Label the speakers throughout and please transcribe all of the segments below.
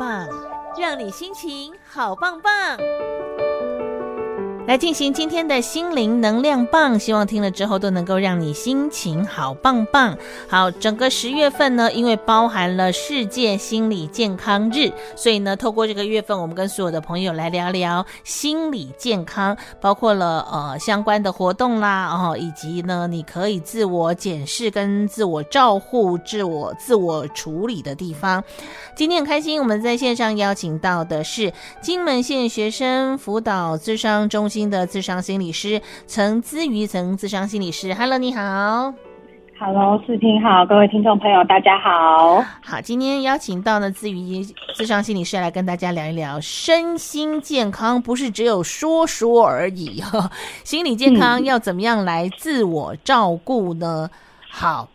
Speaker 1: 棒，讓你心情好棒棒。來進行今天的心靈能量棒，希望聽了之後都能夠讓你心情好棒棒。好，整個十月份呢，因為包含了世界心理健康日，所以呢，透過這個月份，我們跟所有的朋友來聊聊心理健康，包括了呃相關的活動啦，哦，以及呢，你可以自我檢視跟自我照護、自我自我處理的地方。今天很開心，我們在線上邀請到的是金門縣學生輔導諮商中心。的諮商心理師陳姿妤，陳諮商心理師，Hello，你好，Hello，士玶好，各位聽眾朋友，大家好，好，今天邀請到呢，姿妤，諮商心理師來跟大家聊一聊身心健康，不是只有說說而已 心理健康要怎麼樣來自我照顧呢？嗯、好，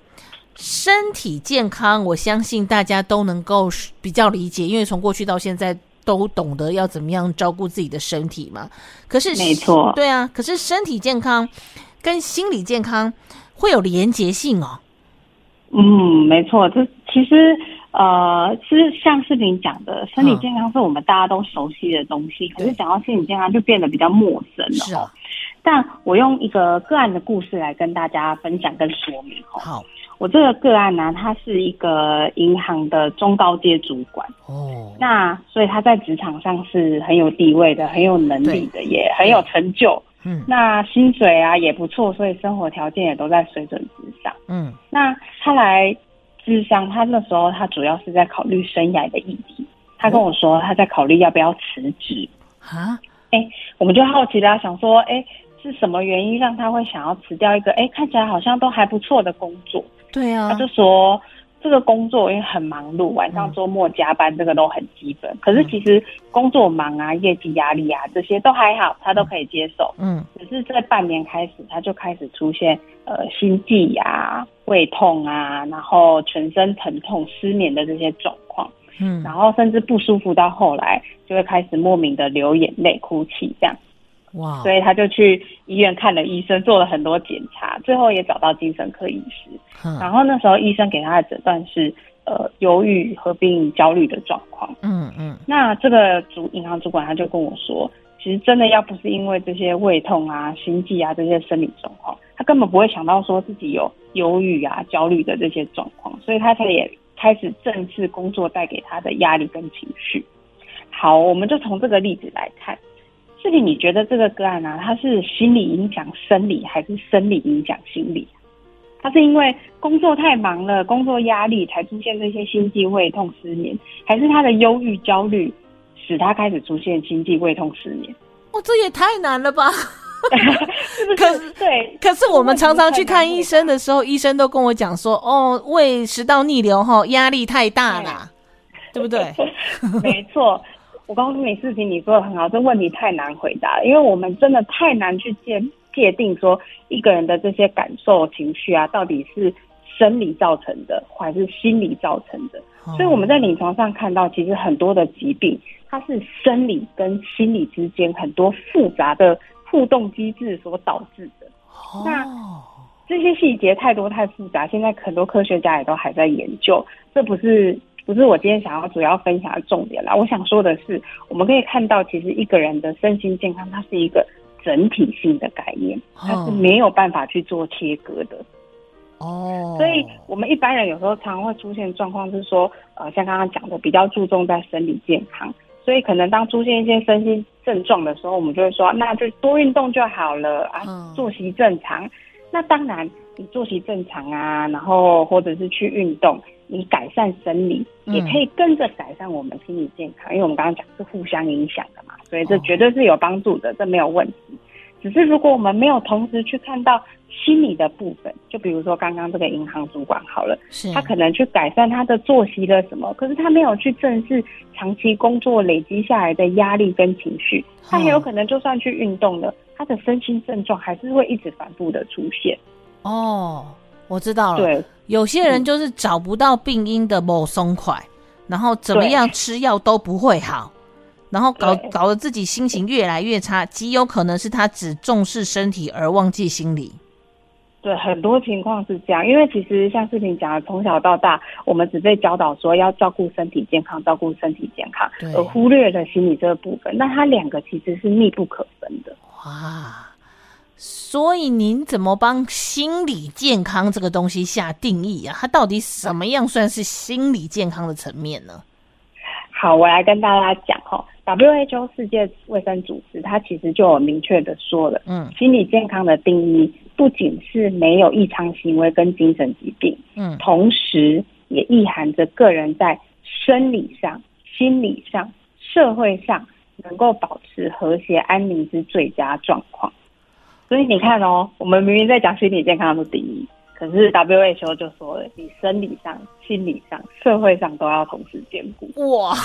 Speaker 1: 身體健康，我相信大家都能夠比較理解，因為從過去到現在。都懂得要怎麼樣照顧自己的身體嘛？可是沒錯，對啊，可是身體健康跟心理健康會有連結性哦。嗯，
Speaker 2: 沒錯，這其實呃、其實像士玶講的，身體健康是我們大家都熟悉的東西，啊、可是講到心理健康就變得比較陌生了。是啊對，但我用一個個案的故事來跟大家分享跟說明好。我這個個案呢、啊，他是一個銀行的中高階主管哦，oh. 那所以他在職場上是很有地位的，很有能力的，也對很有成就。嗯，那薪水啊也不錯，所以生活條件也都在水準之上。嗯，那他來諮商，他那時候他主要是在考慮生涯的議題。嗯，他跟我說他在考慮要不要辭職啊？哎 Huh?、欸，我們就好奇了，想說哎、欸、是什麼原因讓他會想要辭掉一個哎、欸、看起來好像都還不錯的工作？對呀，他就說這個工作，因為很忙碌，晚上周末加班，這個都很基本。嗯、可是其實工作忙啊，業績壓力啊，這些都還好，他都可以接受。嗯，只、嗯、是在半年開始，他就開始出現呃心悸啊、胃痛啊，然後全身疼痛、失眠的這些狀況。嗯，然後甚至不舒服到後來，就會開始莫名的流眼淚、哭泣這樣。Wow, 所以他就去醫院看了醫生，做了很多檢查，最後也找到精神科醫師。嗯、然後那時候醫生給他的診斷是，呃，憂鬱合併焦慮的狀況、嗯。嗯嗯。那這個主銀行主管他就跟我說，其實真的要不是因為這些胃痛啊、心悸啊這些生理狀況，他根本不會想到說自己有憂鬱啊、焦慮的這些狀況，所以他才也開始正視工作帶給他的壓力跟情緒。好，我們就從這個例子來看。這個你覺得這個個案啊，他是心理影響生理，還是生理影響心理？他是因為工作太忙了，工作壓力才出現這些心悸、胃痛、失眠，還是他的憂鬱、焦慮使他開始出現心悸、胃痛、失眠？
Speaker 1: 哦，這也太難了吧！
Speaker 2: 可
Speaker 1: 是對，可是我們常常去看醫生的時候， 醫生都跟我講說：“哦，胃食道逆流，
Speaker 2: 哈，壓力太大啦，
Speaker 1: 對，對不對？”
Speaker 2: 沒錯。我告訴你事情，你說得很好，這問題太難回答了，因為我們真的太難去界界定說一個人的這些感受、情緒啊，到底是生理造成的還是心理造成的。哦、所以我們在臨床上看到，其實很多的疾病，它是生理跟心理之間很多複雜的互動機制所導致的。哦、那這些細節太多太複雜，現在很多科學家也都還在研究，這不是。不是我今天想要主要分享的重點啦，我想說的是，我們可以看到，其實一個人的身心健康，它是一個整體性的概念，它是沒有辦法去做切割的。哦、嗯，所以我們一般人有時候常常會出現狀況就是說，呃，像剛剛講的，比較注重在身體健康，所以可能當出現一些身心症狀的時候，我們就會說，那就多運動就好了啊，作息正常。嗯、那當然。你作息正常啊，然後或者是去運動，你改善生理，嗯、也可以跟着改善我們心理健康。因為我們剛剛講是互相影響的嘛，所以這絕對是有幫助的，哦、這沒有問題。只是如果我們沒有同時去看到心理的部分，就比如說剛剛這個銀行主管好了，是他可能去改善他的作息的什麼，可是他沒有去正視長期工作累積下來的壓力跟情緒，他很有可能就算去運動了，嗯、他的身心症狀還是會一直反覆的出現。哦，我知道了。對，有些人就是找
Speaker 1: 不到病因的某松塊，對然後怎麼樣吃藥都不會好，然後搞對搞得自己心情越來越差，極有可能是他只重視身體而忘記心理。
Speaker 2: 對，很多情況是這樣，因為其實像士玶講的，從小到大我們只被教導說要照顧身體健康，照顧身體健康，對而忽略了心理這個部分。那他兩個其實是密不可分的。哇。
Speaker 1: 所以您怎麼幫心理健康這個東西下定義啊？它到底什麼樣算是心理健康的層面呢？
Speaker 2: 好，我來跟大家講吼。WHO 世界衛生組織它其實就有明確的說了，嗯，心理健康的定義不僅是沒有異常行為跟精神疾病，嗯，同時也意含着個人在生理上、心理上、社會上能夠保持和諧安寧之最佳狀況。所以你看哦，我們明明在講心理健康的定義。可是 WHO 就說了，你生理上、心理上、社會上都要同時兼顧。
Speaker 1: 哇，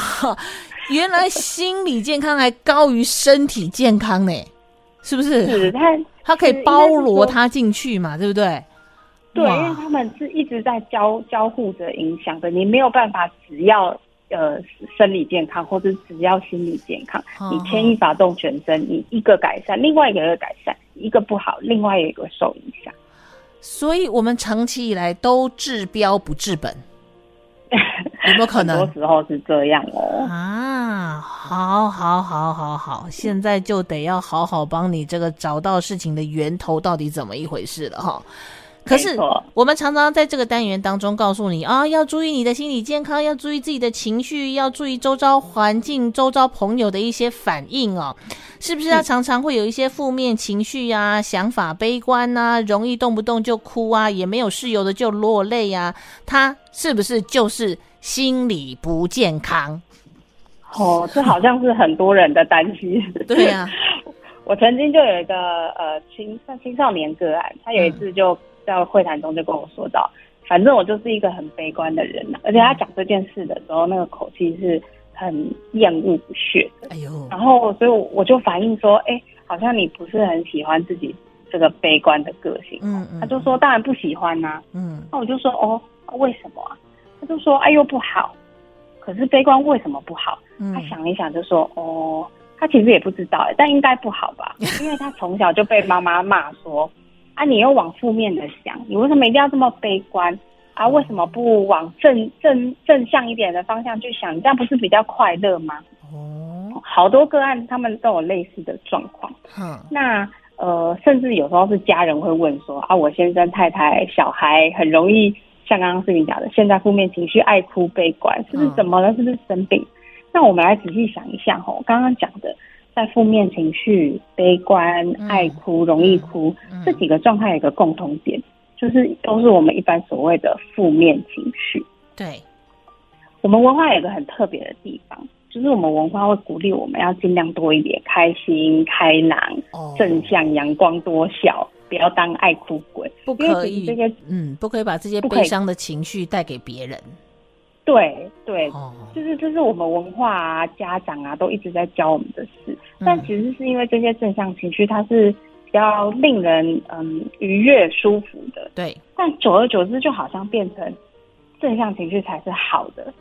Speaker 1: 原來心理健康還高於身體健康呢，欸， 是不是？是它，他可以包羅它進去嘛，對不對？對，哇因為
Speaker 2: 他們是一直在交交互着影響的，你沒有辦法只要呃生理健康，或者只要心理健康，啊，你牽一髮動全身，你一個改善，另外一個也改善。一個不好，另外一個受影響，
Speaker 1: 所以我們長期以來都治標不治本，
Speaker 2: 有沒有可能？ 很多時候是這樣哦。啊，
Speaker 1: 好，好，好，好，好，現在就得要好好幫你這個找到事情的源頭到底怎麼一回事了，哈。可是錯我們常常在這個單元當中告訴你啊，要注意你的心理健康，要注意自己的情緒，要注意周遭環境、周遭朋友的一些反應哦。是不是他常常會有一些負面情緒啊、嗯、想法悲觀吶、啊，容易動不動就哭啊，也沒有事由的就落淚啊？他是不是就是心理不健康？哦，這好像是很
Speaker 2: 多人的擔心。 對啊，我曾經就有一個呃青少青少年個案，他有一次就。嗯在會談中就跟我說到，反正我就是一個很悲觀的人了，而且他講這件事的時候，那個口氣是很厭惡不屑的。哎、呦，然後所以我就反映說，哎、欸，好像你不是很喜歡自己這個悲觀的個性。嗯嗯、他就說當然不喜歡啊。嗯。那我就說哦、啊，為什麼啊？他就說哎呦不好，可是悲觀為什麼不好？嗯、他想一想就說哦，他其實也不知道哎、欸，但應該不好吧，因為他從小就被媽媽罵說。 那、啊、你又往負面的想，你為什麼一定要這麼悲觀啊？為什麼不往正正正向一點的方向去想？你這樣不是比較快樂嗎？哦，好多個案，他們都有類似的狀況。嗯，那呃，甚至有時候是家人會問說啊，我先生、太太、小孩很容易像剛剛士玶講的，現在負面情緒、愛哭、悲觀，是不是怎麼了？是不是生病？那我們來仔細想一下哦，我剛剛講的。在負面情緒、悲觀、愛哭、嗯、容易哭、嗯嗯、這幾個狀態有一個共同點，就是都是我們一般所謂的負面情緒。對，我們文化有一個很特別的地方，就是我們文化會鼓勵我們要盡量多一點開心、開朗、正向、陽光，多笑，不要當愛哭鬼。
Speaker 1: 不可以，這些，嗯，不可以把這些悲傷的情緒帶給別
Speaker 2: 人。對對，就是就是我們文化啊、家長啊，都一直在教我們的事。嗯、但其實是因為這些正向情緒，它是比較令人嗯愉悅、舒服的。對。但久而久之，就好像變成正向情緒才是好的，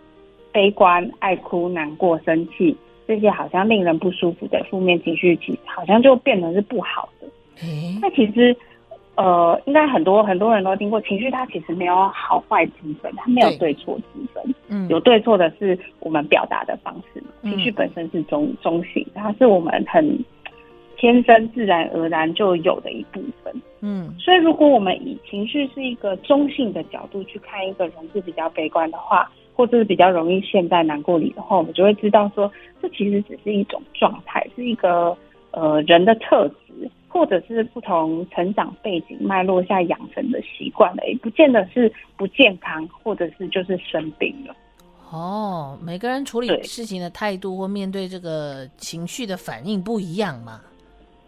Speaker 2: 悲觀、愛哭、難過、生氣這些好像令人不舒服的負面情緒，其實好像就變成是不好的。嗯。那其實。呃，應該很多很多人都聽過，情緒它其實沒有好壞之分，它沒有對錯之分。嗯，有對錯的是我們表達的方式。情緒本身是中中性，它是我們很天生自然而然就有的一部分。嗯，所以如果我們以情緒是一個中性的角度去看一個人是比較悲觀的話，或者是比較容易陷在難過裡的話，我們就會知道說，這其實只是一種狀態，是一個。呃，人的特質，或者是不同成長背景脈絡下養成的習慣，而已，不見得是不健康，或者是就是生病
Speaker 1: 了。哦，每個人處理事情的態度對或面對這個
Speaker 2: 情緒的反
Speaker 1: 應不一樣嘛。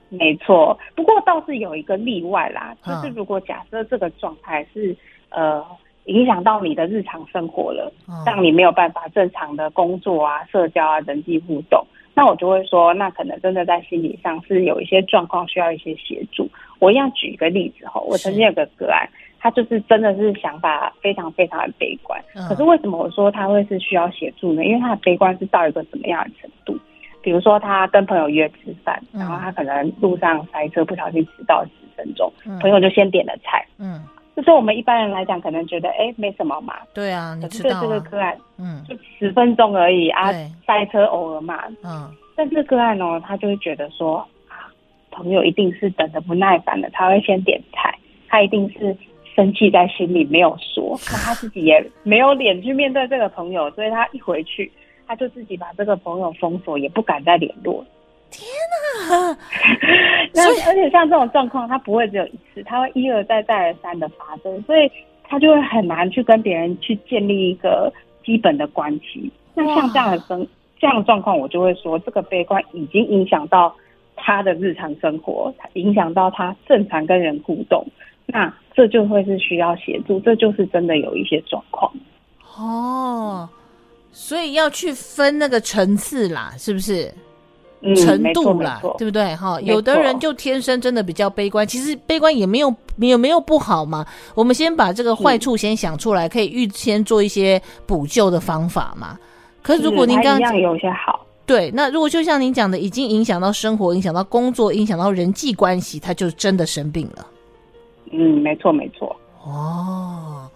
Speaker 2: 沒錯，不過倒是有一個例外啦，就是如果假設這個狀態是、嗯、呃影響到你的日常生活了，讓、嗯、你沒有辦法正常的工作啊、社交啊、人際互動。那我就會說，那可能真的在心理上是有一些狀況需要一些協助。我要舉一個例子，我曾經有個個案，他就是真的是想法非常非常的悲觀。可是為什麼我說他會是需要協助呢？因為他的悲觀是到一個怎麼樣的程度？比如說他跟朋友約吃飯，然後他可能路上塞車，不小心遲到十分鐘，朋友就先點了菜。嗯。就是我們一般人來講，可能覺得哎、欸，沒什麼嘛。對啊，你知道這個個案，嗯，就十分鐘而已啊，塞對車偶爾嘛。嗯，但是個案呢、哦，他就會覺得說，朋友一定是等得不耐煩的，他會先點菜，他一定是生氣在心裡沒有說，那他自己也沒有臉去面對這個朋友， 所以他一回去，他就自己把這個朋友封鎖，也不敢再聯絡。天吶！ 後以而且像這種狀況，他不會只有一次，他會一而再、再而三的發生，所以他就會很難去跟別人去建立一個基本的關係。那像這樣的生哇這樣的狀況，我就會說，這個悲觀已經影響到他的日常生活，影響到他正常跟人互動。那這就會是需要協助，這就是真的有一些狀況
Speaker 1: 哦。所以要去分那個層次啦，是不是？程度啦，嗯、對不對？哈沒錯，有的人就天生真的比較悲觀，沒錯，其實悲觀也沒有，沒有沒有不好嘛？我們先把這個壞處先想出來，嗯、可以預先做一些補救的方法嘛。可是如果您剛剛有些好，對，那如果就像您講的，已經影響到生活，影響到工作，影響到人際關係，他就真的生病了。嗯，沒錯沒錯。哦，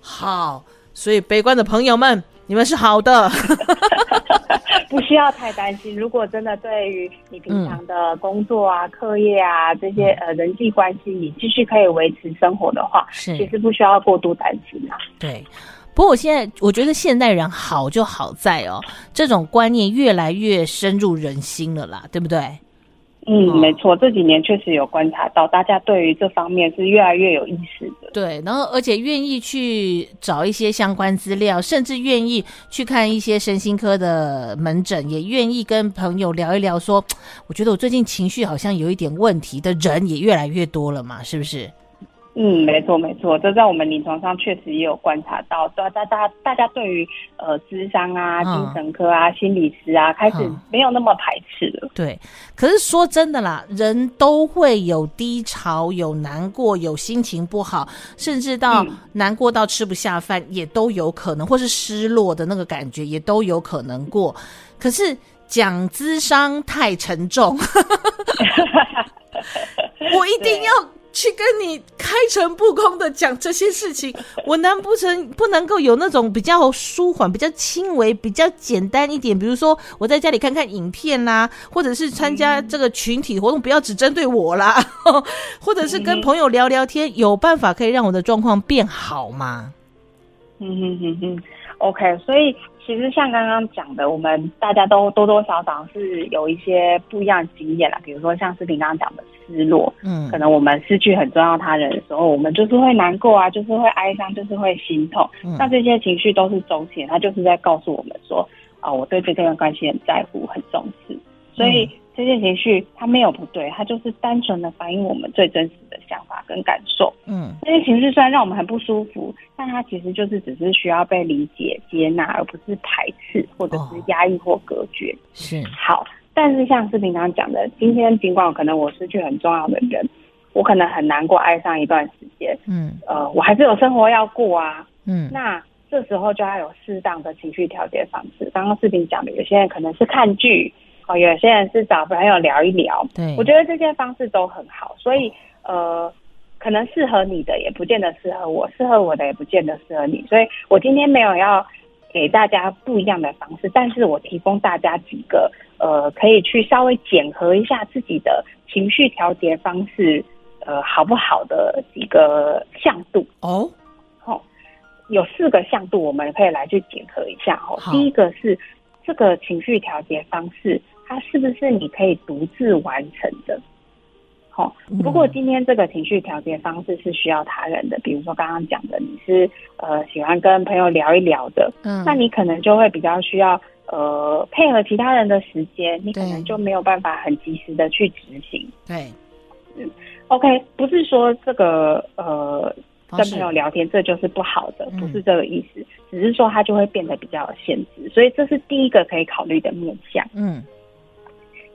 Speaker 1: 好，所以悲觀的朋友們，你們是好的。
Speaker 2: 不需要太擔心。如果真的對於你平常的工作啊、嗯、課業啊，這些呃人際關係，你繼續可以維持生活的話，是其實不需要過度擔心啊。對，不過我現
Speaker 1: 在我覺得現代人好就好在哦，這種觀念越來越深入人
Speaker 2: 心了啦，對不對？嗯，沒錯，這幾年確實有觀察到，大家對於這方面是越來越有意識
Speaker 1: 的。嗯、對，然後而且願意去找一些相關資料，甚至願意去看一些身心科的門診，也願意跟朋友聊一聊說，說我覺得我最近情緒好像有一點問題的人也越來越多了嘛，是不是？
Speaker 2: 嗯，沒錯沒錯，這在我們臨床上確實也有觀察到，大大大家對於呃，諮商啊、精神科啊、心理師啊，嗯、開始沒有那麼排
Speaker 1: 斥了。對，可是說真的啦，人都會有低潮、有難過、有心情不好，甚至到難過到吃不下飯，也都有可能，嗯、或是失落的那個感覺，也都有可能過。可是講諮商太沉重， 我一定要。去跟你開誠布公的講這些事情，我難不成不能夠有那種比較舒緩、比較輕微、比較簡單一點？比如說我在家裡看看影片啦，或者是參加這個群體活動，嗯、不要只針對我啦，或者是跟朋友聊聊天，有辦法可以讓我的狀況變好嗎？嗯嗯嗯嗯，
Speaker 2: 嗯，OK，所以。其實像剛剛講的，我們大家都多多少少是有一些不一樣經驗啦。比如說像士玶剛剛講的失落，嗯，可能我們失去很重要他人的時候，我們就是會難過啊，就是會哀傷，就是會心痛。嗯、那這些情緒都是周前，他就是在告訴我們說，啊，我對這段關係很在乎、很重視，所以。嗯這些情緒它沒有不對，它就是單純的反映我們最真實的想法跟感受。嗯，這些情緒雖然讓我們很不舒服，但它其實就是只是需要被理解、接納，而不是排斥或者是壓抑或隔絕。哦、是好，但是像士玶剛剛講的，今天儘管我可能我失去很重要的人，嗯、我可能很難過，愛上一段時間。嗯，呃，我還是有生活要過啊。嗯，那這時候就要有適當的情緒調節方式。剛剛士玶講的，有些人可能是看劇。有些人是找朋友聊一聊，對，我覺得這些方式都很好，所以呃，可能適合你的也不見得適合我，適合我的也不見得適合你，所以我今天沒有要給大家不一樣的方式，但是我提供大家幾個呃，可以去稍微檢核一下自己的情緒調節方式呃，好不好的幾個向度哦，哦，有四個向度我們可以來去檢核一下哦，好第一個是這個情緒調節方式。它是不是你可以獨自完成的？好、哦，不過今天這個情緒調節方式是需要他人的，比如說剛剛講的，你是呃喜歡跟朋友聊一聊的，嗯，那你可能就會比較需要呃配合其他人的時間，你可能就沒有辦法很及時的去執行。對、嗯、，OK，不是說這個呃式跟朋友聊天這就是不好的，嗯、不是這個意思，只是說他就會變得比較有限制，所以這是第一個可以考慮的面向。嗯。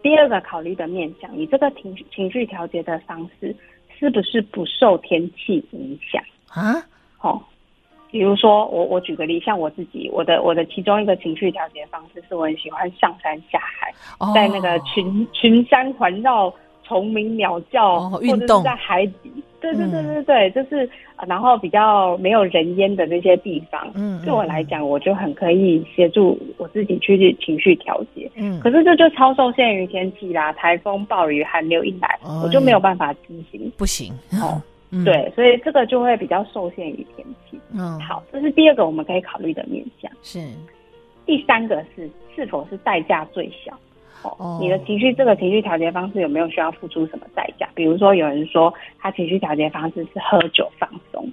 Speaker 2: 第二個考慮的面向，你這個情情緒調節的方式是不是不受天氣影響啊？哦，比如說我，我舉個例，像我自己，我的我的其中一個情緒調節方式是我很喜歡上山下海，哦、在那個群群山環繞。蟲鳴鳥叫，或者是在海底，對對對對對，就是然後比較沒有人煙的那些地方，嗯，對我來講，我就很可以協助我自己去情緒調節，嗯，可是這就超受限於天氣啦，颱風、暴雨、寒流一來，我就沒有辦法進行，不行，哦，對，所以這個就會比較受限於天氣，嗯，好，這是第二個我們可以考慮的面向，是第三個是是否是代價最小。你的情緒這個情緒調節方式有沒有需要付出什麼代價？比如說，有人說他情緒調節方式是喝酒放鬆，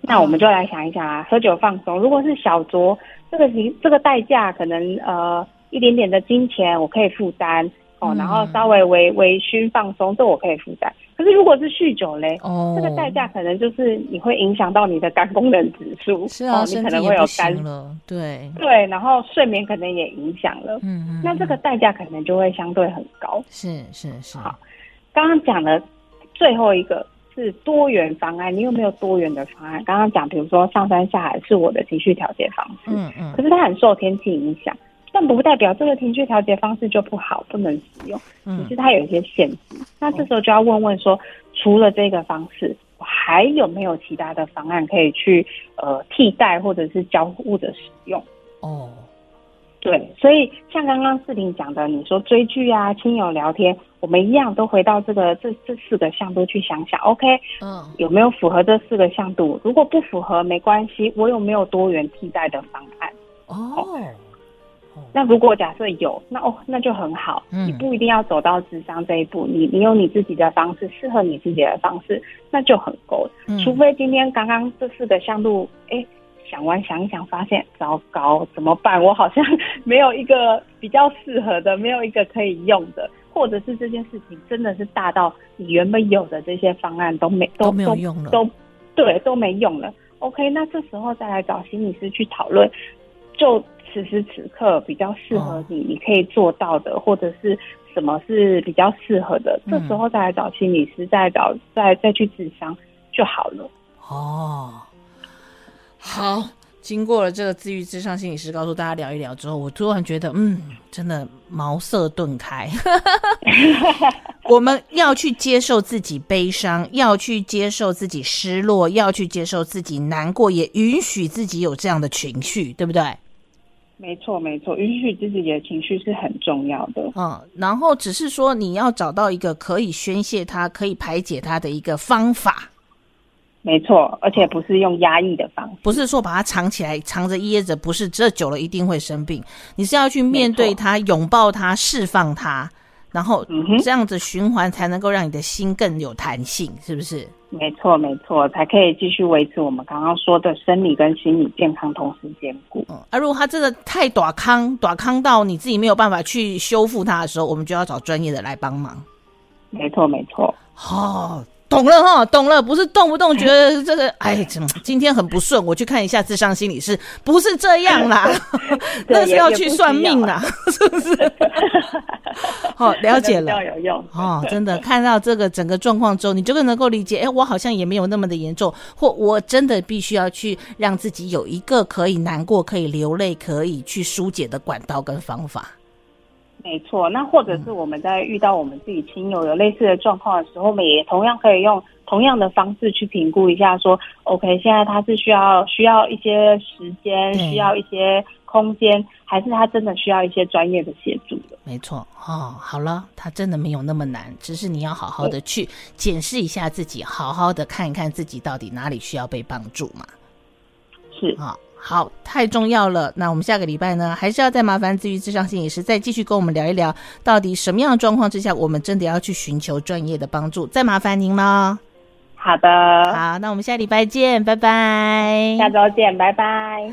Speaker 2: 那我們就來想一想啊，喝酒放鬆，如果是小酌，這個情這個代價可能呃一點點的金錢，我可以負擔。哦，嗯、然後稍微微微醺放鬆，這我可以負擔。可是如果是酗酒嘞？哦，這個代價可能就是你會影響到你的肝功能指數，是啊、哦，你可能會有肝了，對對，然後睡眠可能也影響了，嗯嗯，嗯，那這個代價可能就會相對很高。是是是，是是好，剛剛講的最後一個是多元方案，你有沒有多元的方案？剛剛講，比如說上山下海是我的情緒調節方
Speaker 3: 式，嗯嗯，嗯，可
Speaker 2: 是它很受天氣影響。但不代表這個情緒調節方式就不好，不能使用。嗯，只是它有一些限制。嗯、那這時候就要問問說，哦、除了這個方式，我還有沒有其他的方案可以去呃替代或者是交互的使用？哦，對，所以像剛剛士玶講的，你說追劇啊、親友聊天，我們一樣都回到這個這這四個向度去想想。哦、OK，嗯，有沒有符合這四個向度？如果不符合，沒關係，我有沒有多元替代的方案？哦。哦那如果假設有，那哦，那就很好。嗯、你不一定要走到諮商這一步，你你有你自己的方式，適合你自己的方式，那就很夠。除非今天剛剛這四個項目，哎、欸，想完想一想，發現糟糕，怎麼辦？我好像沒有一個比較適合的，沒有一個可以用的，或者是這件事情真的是大到你原本有的這些方案都沒都，都沒有用了，都對，都沒用了。OK，那這時候再來找心理師去討論，就。此時此刻比較適合你，你可以做到的，哦、或者是什麼是比較適合的，嗯、這時候再來找心理師，再找，再再去諮商就好
Speaker 1: 了。哦，好，經過了這個自癒、諮商心理師告訴大家聊一聊之後，我突然覺得，嗯，真的茅塞頓開。 我們要去接受自己悲傷，要去接受自己失落，要去接受自己難過，也允許自己有這樣的情緒，對不對？
Speaker 2: 沒錯，沒錯，允許自己的情緒是很重要的。嗯，
Speaker 1: 然後只是說你要找到一個可以宣洩它、可以排解它的一個方法。沒錯，而且不是用壓抑的方法，不是說把它藏起來、藏着掖着，不是這，久了一定會生病。你是要去面對它，沒錯。擁抱它、釋放它。然後這樣子循環，才能夠讓你的心更有彈性，是不是？
Speaker 2: 沒錯沒錯，才可以繼續維持我們剛剛說的生理跟心理健康同時兼顧。嗯、哦，
Speaker 1: 而、啊、如果它真的太短康短康到你自己沒有辦法去修復它的時候，我們就要找專業的來幫忙。沒錯沒錯，好。哦懂了哈，懂了，不是動不動覺得這個，哎，怎麼今天很不順？我去看一下諮商心理師，不是這樣啦，
Speaker 2: 對 那是要去算命
Speaker 1: 啦，不啊、 是
Speaker 3: 不是？好、 哦，了解了，要
Speaker 1: 有用哦。對對對，真的看到這個整個狀況之後，你就更能夠理解，哎、欸，我好像也沒有那麼的嚴重，或我真的必須要去讓自己有一個可以難過、可以流淚、可以去疏解的管道跟方法。
Speaker 2: 沒錯，那或者是我們在遇到我們自己親友有類似的狀況的時候，我們也同樣可以用同樣的方式去評估一下說，說 OK，現在他是需要需要一些時間，對需要一些空間，還是他真的需要一些專業的協助的？
Speaker 1: 沒錯，哦，好了，他真的沒有那麼難，只是你要好好的去檢視一下自己，對好好的看一看自己到底哪裡需要被幫助嘛。是啊。哦好，太重要了。那我們下個禮拜呢，還是要再麻煩姿妤諮商心理師，再繼續跟我們聊一聊，到底什麼樣的狀況之下，我們真的要去尋求專業的幫助？再麻煩您了。好的，好，那我們下禮拜見，拜拜。下週見，拜拜。